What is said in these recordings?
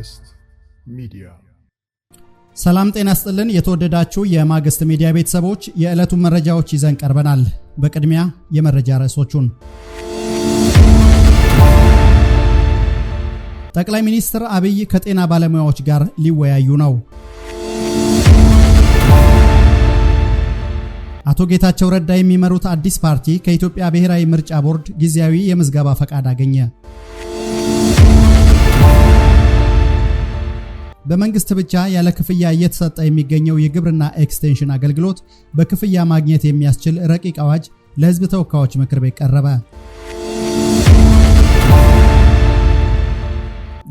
ማግስት ሚዲያ ሰላም ጤና ስጥልን። የተወደዳችሁ የማግስት ሚዲያ ቤተሰቦች የዕለቱን መረጃዎች ይዘን ቀርበናል። በቅድሚያ የመረጃ ርዕሶቹን ጠቅላይ ሚኒስትር አብይ ከጤና ባለሙያዎች ጋር ሊወያዩ ነው። አቶ ጌታቸው ረዳ የሚመሩት አዲስ ፓርቲ ከኢትዮጵያ ብሔራዊ ምርጫ ቦርድ ጊዜያዊ የምዝገባ ፈቃድ አገኘ። በመንግስት ብቻ ያለ ክፍያ እየተሰጠ የሚገኘው የግብርና ኤክስቴንሽን አገልግሎት በክፍያ ማግኘት የሚያስችል ረቂቅ አዋጅ ለህዝብ ተወካዮች ምክር ቤት ቀረበ።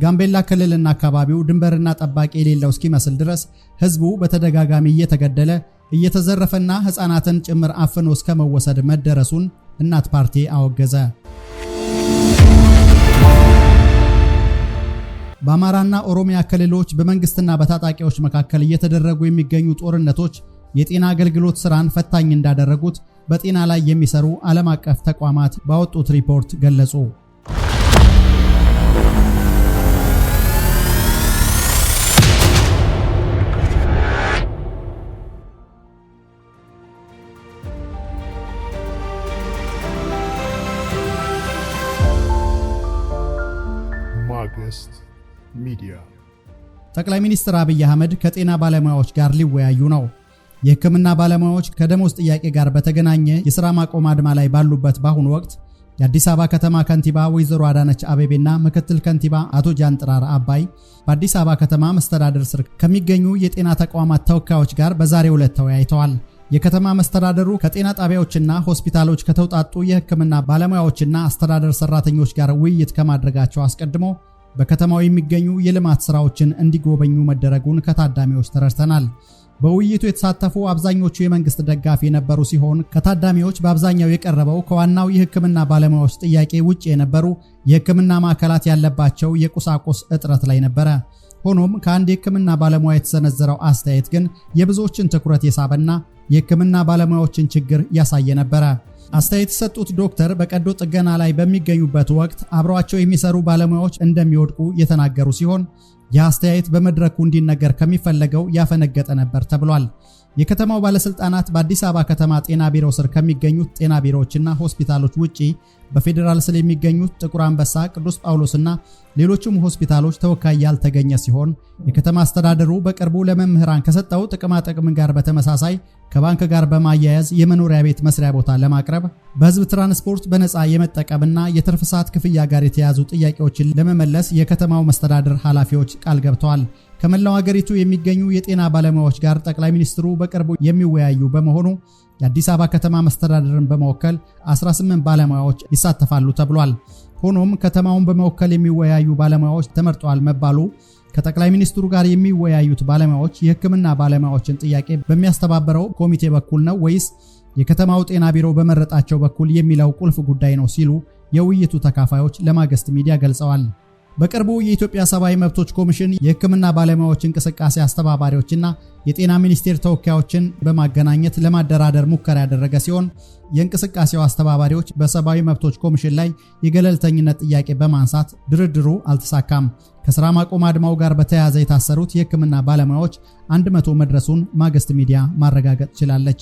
ጋምቤላ ክልልና አካባቢው ድንበርና ጠባቂ የሌለው እስኪመስል ድረስ ህዝቡ በተደጋጋሚ እየተገደለ እየተዘረፈና ሕፃናትን ጭምር አፍኖ እስከ መወሰድ መደረሱን እናት ፓርቲ አወገዘ። በአማራና ኦሮሚያ ክልሎች በመንግስትና በታጣቂዎች መካከል እየተደረጉ የሚገኙ ጦርነቶች የጤና አገልግሎት ስራን ፈታኝ እንዳደረጉት በጤና ላይ የሚሰሩ ዓለም አቀፍ ተቋማት ባወጡት ሪፖርት ገለጹ። ማግስት ሚዲያ ጠቅላይ ሚኒስትር አብይ አህመድ ከጤና ባለሙያዎች ጋር ሊወያዩ ነው። የሕክምና ባለሙያዎች ከደሞዝ ጥያቄ ጋር በተገናኘ የሥራ ማቆም አድማ ላይ ባሉበት በአሁኑ ወቅት የአዲስ አበባ ከተማ ከንቲባ ወይዘሮ አዳነች አቤቤና ምክትል ከንቲባ አቶ ጃንጥራር አባይ በአዲስ አበባ ከተማ መስተዳደር ስር ከሚገኙ የጤና ተቋማት ተወካዮች ጋር በዛሬው ዕለት ተወያይተዋል። የከተማ መስተዳደሩ ከጤና ጣቢያዎችና ሆስፒታሎች ከተውጣጡ የሕክምና ባለሙያዎችና አስተዳደር ሰራተኞች ጋር ውይይት ከማድረጋቸው አስቀድሞ በከተማው የሚገኙ የልማት ስራዎችን እንዲጎበኙ መደረጉን ከታዳሚዎች ተረድተናል። በውይይቱ የተሳተፉ አብዛኞቹ የመንግስት ደጋፊ የነበሩ ሲሆን ከታዳሚዎች በአብዛኛው የቀረበው ከዋናው የሕክምና ባለሙያዎች ጥያቄ ውጭ የነበሩ የሕክምና ማዕከላት ያለባቸው የቁሳቁስ እጥረት ላይ ነበረ። ሆኖም ከአንድ የህክምና ባለሙያ የተሰነዘረው አስተያየት ግን የብዙዎችን ትኩረት የሳበና የህክምና ባለሙያዎችን ችግር ያሳየ ነበረ። አስተያየት የሰጡት ዶክተር በቀዶ ጥገና ላይ በሚገኙበት ወቅት አብረዋቸው የሚሰሩ ባለሙያዎች እንደሚወድቁ የተናገሩ ሲሆን የአስተያየት በመድረኩ እንዲነገር ከሚፈለገው ያፈነገጠ ነበር ተብሏል። የከተማው ባለስልጣናት በአዲስ አበባ ከተማ ጤና ቢሮ ስር ከሚገኙት ጤና ቢሮዎችና ሆስፒታሎች ውጪ በፌዴራል ስር የሚገኙት ጥቁር አንበሳ፣ ቅዱስ ጳውሎስና ሌሎችም ሆስፒታሎች ተወካይ ያልተገኘ ሲሆን የከተማ አስተዳደሩ በቅርቡ ለመምህራን ከሰጠው ጥቅማጥቅም ጋር በተመሳሳይ ከባንክ ጋር በማያያዝ የመኖሪያ ቤት መስሪያ ቦታ ለማቅረብ በህዝብ ትራንስፖርት በነፃ የመጠቀምና የትርፍ ሰዓት ክፍያ ጋር የተያዙ ጥያቄዎችን ለመመለስ የከተማው መስተዳደር ኃላፊዎች ቃል ገብተዋል። ከመላው ሀገሪቱ የሚገኙ የጤና ባለሙያዎች ጋር ጠቅላይ ሚኒስትሩ በቅርቡ የሚወያዩ በመሆኑ የአዲስ አበባ ከተማ መስተዳደርን በመወከል 18 ባለሙያዎች ይሳተፋሉ ተብሏል። ሆኖም ከተማውን በመወከል የሚወያዩ ባለሙያዎች ተመርጠዋል መባሉ ከጠቅላይ ሚኒስትሩ ጋር የሚወያዩት ባለሙያዎች የሕክምና ባለሙያዎችን ጥያቄ በሚያስተባበረው ኮሚቴ በኩል ነው ወይስ የከተማው ጤና ቢሮ በመረጣቸው በኩል የሚለው ቁልፍ ጉዳይ ነው ሲሉ የውይይቱ ተካፋዮች ለማገስት ሚዲያ ገልጸዋል። በቅርቡ የኢትዮጵያ ሰብአዊ መብቶች ኮሚሽን የሕክምና ባለሙያዎች እንቅስቃሴ አስተባባሪዎችና የጤና ሚኒስቴር ተወካዮችን በማገናኘት ለማደራደር ሙከራ ያደረገ ሲሆን የእንቅስቃሴው አስተባባሪዎች በሰብአዊ መብቶች ኮሚሽን ላይ የገለልተኝነት ጥያቄ በማንሳት ድርድሩ አልተሳካም። ከስራ ማቆም አድማው ጋር በተያያዘ የታሰሩት የሕክምና ባለሙያዎች 100 መድረሱን ማግስት ሚዲያ ማረጋገጥ ችላለች።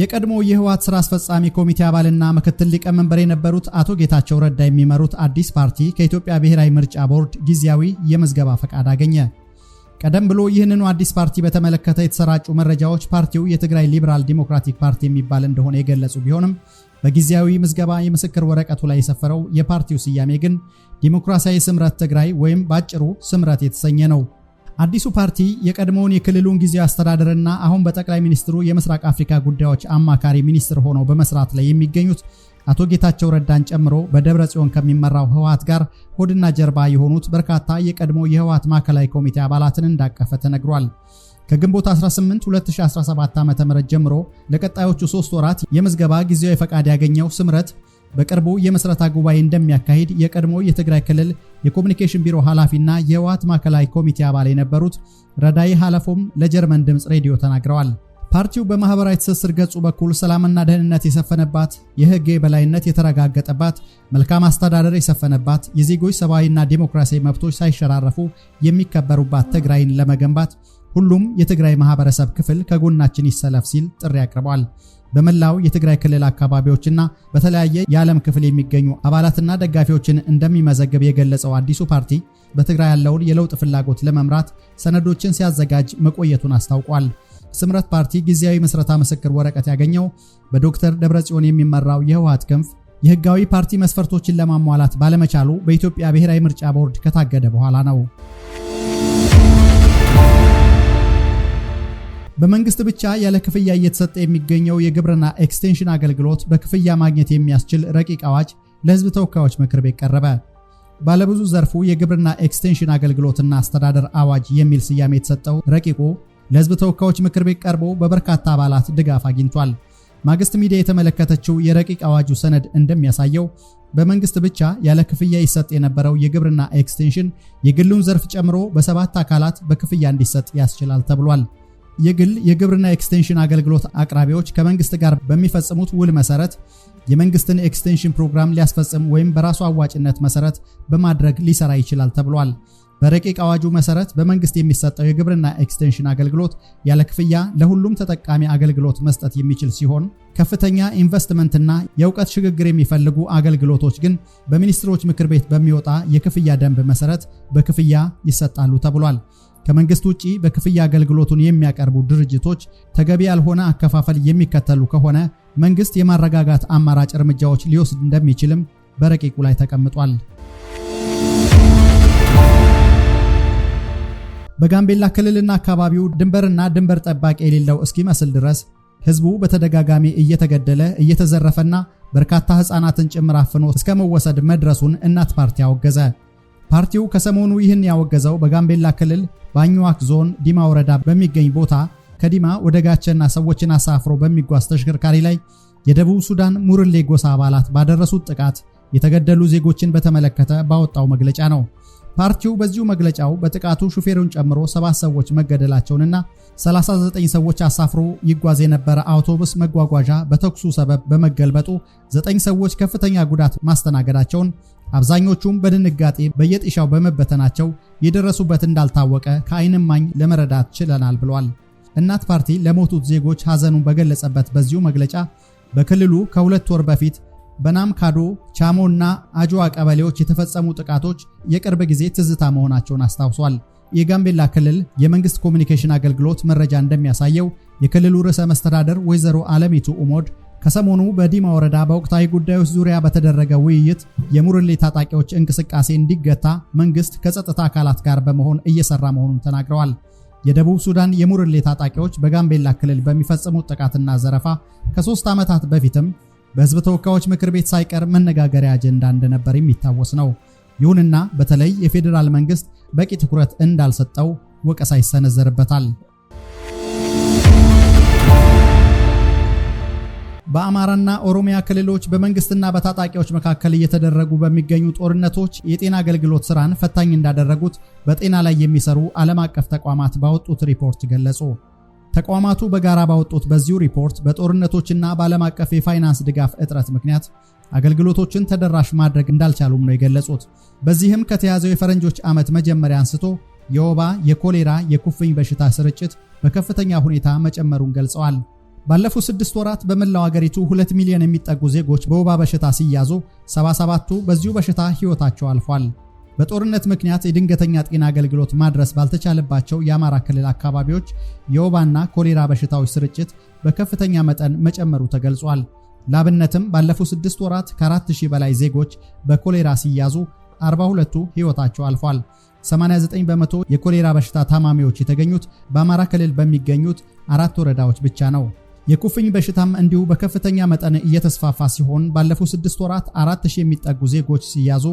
የቀድሞ የህወሓት ስራ አስፈጻሚ ኮሚቴ አባልና ምክትል ሊቀመንበር የነበሩት አቶ ጌታቸው ረዳ የሚመሩት አዲስ ፓርቲ ከኢትዮጵያ ብሔራዊ ምርጫ ቦርድ ጊዜያዊ የምዝገባ ፈቃድ አገኘ። ቀደም ብሎ ይህንኑ አዲስ ፓርቲ በተመለከተ የተሰራጩ መረጃዎች ፓርቲው የትግራይ ሊበራል ዲሞክራቲክ ፓርቲ የሚባል እንደሆነ የገለጹ ቢሆንም በጊዜያዊ ምዝገባ የምስክር ወረቀቱ ላይ የሰፈረው የፓርቲው ስያሜ ግን ዲሞክራሲያዊ ስምረት ትግራይ ወይም በአጭሩ ስምረት የተሰኘ ነው። አዲሱ ፓርቲ የቀድሞውን የክልሉን ጊዜ አስተዳደርና አሁን በጠቅላይ ሚኒስትሩ የምስራቅ አፍሪካ ጉዳዮች አማካሪ ሚኒስትር ሆነው በመስራት ላይ የሚገኙት አቶ ጌታቸው ረዳን ጨምሮ በደብረ ጽዮን ከሚመራው ህወሀት ጋር ሆድና ጀርባ የሆኑት በርካታ የቀድሞ የህወሀት ማዕከላዊ ኮሚቴ አባላትን እንዳቀፈ ተነግሯል። ከግንቦት 18 2017 ዓ.ም ጀምሮ ለቀጣዮቹ ሶስት ወራት የምዝገባ ጊዜያዊ ፈቃድ ያገኘው ስምረት በቅርቡ የመሠረታ ጉባኤ እንደሚያካሂድ የቀድሞ የትግራይ ክልል የኮሚኒኬሽን ቢሮ ኃላፊና የህወሓት ማዕከላዊ ኮሚቴ አባል የነበሩት ረዳይ ሀለፎም ለጀርመን ድምፅ ሬዲዮ ተናግረዋል። ፓርቲው በማህበራዊ ትስስር ገጹ በኩል ሰላምና ደህንነት የሰፈነባት፣ የህግ የበላይነት የተረጋገጠባት፣ መልካም አስተዳደር የሰፈነባት፣ የዜጎች ሰብአዊና ዴሞክራሲያዊ መብቶች ሳይሸራረፉ የሚከበሩባት ትግራይን ለመገንባት ሁሉም የትግራይ ማህበረሰብ ክፍል ከጎናችን ይሰለፍ ሲል ጥሪ አቅርበዋል። በመላው የትግራይ ክልል አካባቢዎችና በተለያየ የዓለም ክፍል የሚገኙ አባላትና ደጋፊዎችን እንደሚመዘግብ የገለጸው አዲሱ ፓርቲ በትግራይ ያለውን የለውጥ ፍላጎት ለመምራት ሰነዶችን ሲያዘጋጅ መቆየቱን አስታውቋል። ስምረት ፓርቲ ጊዜያዊ ምስረታ ምስክር ወረቀት ያገኘው በዶክተር ደብረጽዮን የሚመራው የህወሀት ክንፍ የህጋዊ ፓርቲ መስፈርቶችን ለማሟላት ባለመቻሉ በኢትዮጵያ ብሔራዊ ምርጫ ቦርድ ከታገደ በኋላ ነው። በመንግስት ብቻ ያለ ክፍያ እየተሰጠ የሚገኘው የግብርና ኤክስቴንሽን አገልግሎት በክፍያ ማግኘት የሚያስችል ረቂቅ አዋጅ ለህዝብ ተወካዮች ምክር ቤት ቀረበ። ባለብዙ ዘርፉ የግብርና ኤክስቴንሽን አገልግሎትና አስተዳደር አዋጅ የሚል ስያሜ የተሰጠው ረቂቁ ለህዝብ ተወካዮች ምክር ቤት ቀርቦ በበርካታ አባላት ድጋፍ አግኝቷል። ማግስት ሚዲያ የተመለከተችው የረቂቅ አዋጁ ሰነድ እንደሚያሳየው በመንግስት ብቻ ያለ ክፍያ ይሰጥ የነበረው የግብርና ኤክስቴንሽን የግሉን ዘርፍ ጨምሮ በሰባት አካላት በክፍያ እንዲሰጥ ያስችላል ተብሏል። የግል የግብርና ኤክስቴንሽን አገልግሎት አቅራቢዎች ከመንግስት ጋር በሚፈጽሙት ውል መሰረት የመንግስትን ኤክስቴንሽን ፕሮግራም ሊያስፈጽም ወይም በራሱ አዋጭነት መሰረት በማድረግ ሊሰራ ይችላል ተብሏል። በረቂቅ አዋጁ መሰረት በመንግስት የሚሰጠው የግብርና ኤክስቴንሽን አገልግሎት ያለ ክፍያ ለሁሉም ተጠቃሚ አገልግሎት መስጠት የሚችል ሲሆን ከፍተኛ ኢንቨስትመንትና የእውቀት ሽግግር የሚፈልጉ አገልግሎቶች ግን በሚኒስትሮች ምክር ቤት በሚወጣ የክፍያ ደንብ መሰረት በክፍያ ይሰጣሉ ተብሏል። ከመንግስት ውጪ በክፍያ አገልግሎቱን የሚያቀርቡ ድርጅቶች ተገቢ ያልሆነ አከፋፈል የሚከተሉ ከሆነ መንግስት የማረጋጋት አማራጭ እርምጃዎች ሊወስድ እንደሚችልም በረቂቁ ላይ ተቀምጧል። በጋምቤላ ክልልና አካባቢው ድንበርና ድንበር ጠባቂ የሌለው እስኪመስል ድረስ ህዝቡ በተደጋጋሚ እየተገደለ እየተዘረፈና በርካታ ህፃናትን ጭምር አፍኖ እስከ መወሰድ መድረሱን እናት ፓርቲ አወገዘ። ፓርቲው ከሰሞኑ ይህን ያወገዘው በጋምቤላ ክልል ባኝዋክ ዞን ዲማ ወረዳ በሚገኝ ቦታ ከዲማ ወደ ጋቸና ሰዎችን አሳፍሮ በሚጓዝ ተሽከርካሪ ላይ የደቡብ ሱዳን ሙርሌ ጎሳ አባላት ባደረሱት ጥቃት የተገደሉ ዜጎችን በተመለከተ ባወጣው መግለጫ ነው። ፓርቲው በዚሁ መግለጫው በጥቃቱ ሹፌሩን ጨምሮ ሰባት ሰዎች መገደላቸውንና 39 ሰዎች አሳፍሮ ይጓዝ የነበረ አውቶቡስ መጓጓዣ በተኩሱ ሰበብ በመገልበጡ ዘጠኝ ሰዎች ከፍተኛ ጉዳት ማስተናገዳቸውን አብዛኞቹም በድንጋጤ በየጤሻው በመበተናቸው የደረሱበት እንዳልታወቀ ማኝ ለመረዳት ችለናል ብሏል። እናት ፓርቲ ለሞቱት ዜጎች ሐዘኑን በገለጸበት በዚሁ መግለጫ በክልሉ ከሁለት ወር በፊት በናምካዶ ቻሞ እና አጅዋ ቀበሌዎች የተፈጸሙ ጥቃቶች የቅርብ ጊዜ ትዝታ መሆናቸውን አስታውሷል። የጋምቤላ ክልል የመንግስት ኮሚኒኬሽን አገልግሎት መረጃ እንደሚያሳየው የክልሉ ርዕሰ መስተዳደር ወይዘሮ አለሚቱ ኡሞድ ከሰሞኑ በዲማ ወረዳ በወቅታዊ ጉዳዮች ዙሪያ በተደረገ ውይይት የሙርሌ ታጣቂዎች እንቅስቃሴ እንዲገታ መንግስት ከጸጥታ አካላት ጋር በመሆን እየሰራ መሆኑን ተናግረዋል። የደቡብ ሱዳን የሙርሌ ታጣቂዎች በጋምቤላ ክልል በሚፈጽሙት ጥቃትና ዘረፋ ከሶስት ዓመታት በፊትም በህዝብ ተወካዮች ምክር ቤት ሳይቀር መነጋገሪያ አጀንዳ እንደነበር የሚታወስ ነው። ይሁንና በተለይ የፌዴራል መንግስት በቂ ትኩረት እንዳልሰጠው ወቀሳ ይሰነዘርበታል። በአማራና ኦሮሚያ ክልሎች በመንግስትና በታጣቂዎች መካከል እየተደረጉ በሚገኙ ጦርነቶች የጤና አገልግሎት ስራን ፈታኝ እንዳደረጉት በጤና ላይ የሚሰሩ ዓለም አቀፍ ተቋማት ባወጡት ሪፖርት ገለጹ። ተቋማቱ በጋራ ባወጡት በዚሁ ሪፖርት በጦርነቶችና በዓለም አቀፍ የፋይናንስ ድጋፍ እጥረት ምክንያት አገልግሎቶችን ተደራሽ ማድረግ እንዳልቻሉም ነው የገለጹት። በዚህም ከተያዘው የፈረንጆች ዓመት መጀመሪያ አንስቶ የወባ፣ የኮሌራ፣ የኩፍኝ በሽታ ስርጭት በከፍተኛ ሁኔታ መጨመሩን ገልጸዋል። ባለፉት ስድስት ወራት በመላው አገሪቱ ሁለት ሚሊዮን የሚጠጉ ዜጎች በወባ በሽታ ሲያዙ 77ቱ በዚሁ በሽታ ሕይወታቸው አልፏል። በጦርነት ምክንያት የድንገተኛ ጤና አገልግሎት ማድረስ ባልተቻለባቸው የአማራ ክልል አካባቢዎች የወባና ኮሌራ በሽታዎች ስርጭት በከፍተኛ መጠን መጨመሩ ተገልጿል። ላብነትም ባለፉት ስድስት ወራት ከ4000 በላይ ዜጎች በኮሌራ ሲያዙ 42ቱ ሕይወታቸው አልፏል። 89 በመቶ የኮሌራ በሽታ ታማሚዎች የተገኙት በአማራ ክልል በሚገኙት አራት ወረዳዎች ብቻ ነው። የኩፍኝ በሽታም እንዲሁ በከፍተኛ መጠን እየተስፋፋ ሲሆን ባለፉት ስድስት ወራት አራት ሺህ የሚጠጉ ዜጎች ሲያዙ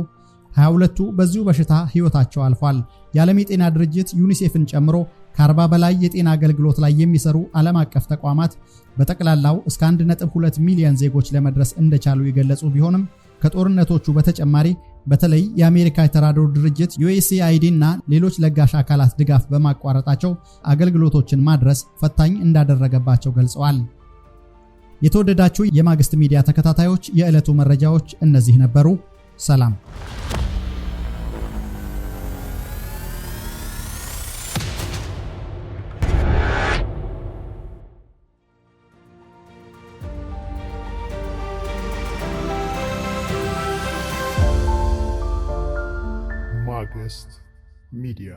22ቱ በዚሁ በሽታ ሕይወታቸው አልፏል። የዓለም የጤና ድርጅት ዩኒሴፍን ጨምሮ ከ40 በላይ የጤና አገልግሎት ላይ የሚሰሩ ዓለም አቀፍ ተቋማት በጠቅላላው እስከ 1.2 ሚሊዮን ዜጎች ለመድረስ እንደቻሉ የገለጹ ቢሆንም ከጦርነቶቹ በተጨማሪ በተለይ የአሜሪካ የተራድኦ ድርጅት ዩኤስኤአይዲ እና ሌሎች ለጋሽ አካላት ድጋፍ በማቋረጣቸው አገልግሎቶችን ማድረስ ፈታኝ እንዳደረገባቸው ገልጸዋል። የተወደዳችሁ የማግስት ሚዲያ ተከታታዮች የዕለቱ መረጃዎች እነዚህ ነበሩ። ሰላም Media